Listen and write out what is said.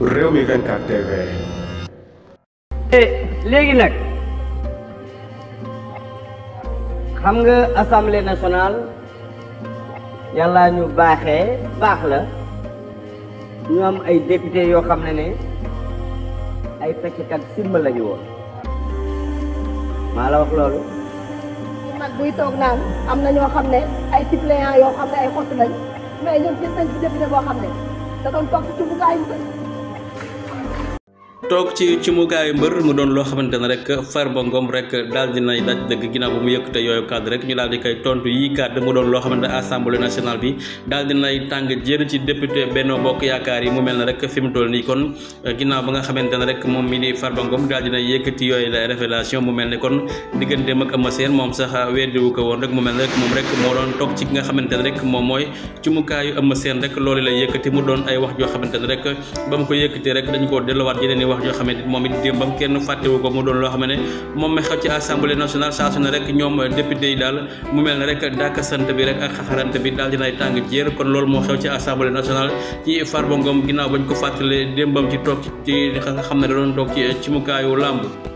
réew mi 24 TV. léegi nag xam nga assemblée nationale yàlla ñu baaxe baax la ñu am ay député yoo xam ne ni ay fecckat simba la ñu woon maa la wax loolu. mag buy toog naan am na ñoo xam ne ay suppléants yoo xam ne ay xott lañ mais ñun gis nañ ci député boo xam ne da doon toog ci bu gaay toog ci ci mu gaay mbeur mu doon loo xamante ne rek Farba Ngom rek daal di nay daj dëgg ginnaaw bu mu yëkkate yooyu cadre rek ñu daal di koy tontu yi cadre mu doon loo xamante assemblée nationale bi daal di nay tàng jër ci député Benno Bokk Yaakaar yi mu mel rek fi mu toll nii kon eh, ginnaaw ba nga xamante ne rek moom mi di Farba Ngom daal di nay yëkkati yooyu la révélation mu mel ne kon digganteem ak Ama Sène moom sax eh, weddiwu ko woon rek mu mel rek moom rek moo doon toog ci nga xamante ne rek moom mooy ci mu kaayu Ama Sène rek loolu la yëkkati mu doon ay wax joo xamante ne rek ba mu ko yëkkati rek dañ ko delluwaat yeneen wax joo xam ne moom it démbam kenn fàttewu ko mu doon loo xam ne moom mi xew ci assemblée nationale saa su ne rek ñoom député yi daal mu mel ne rek dàkkasant bi rek ak xaxarante bi daal dinay tàng jéer kon loolu moo xew ci assemblée nationale ci Farba Ngom ginnaaw bañ ko fàttale démbam ci toog ci nga xam ne da doon toog ci ci mukaayu làmb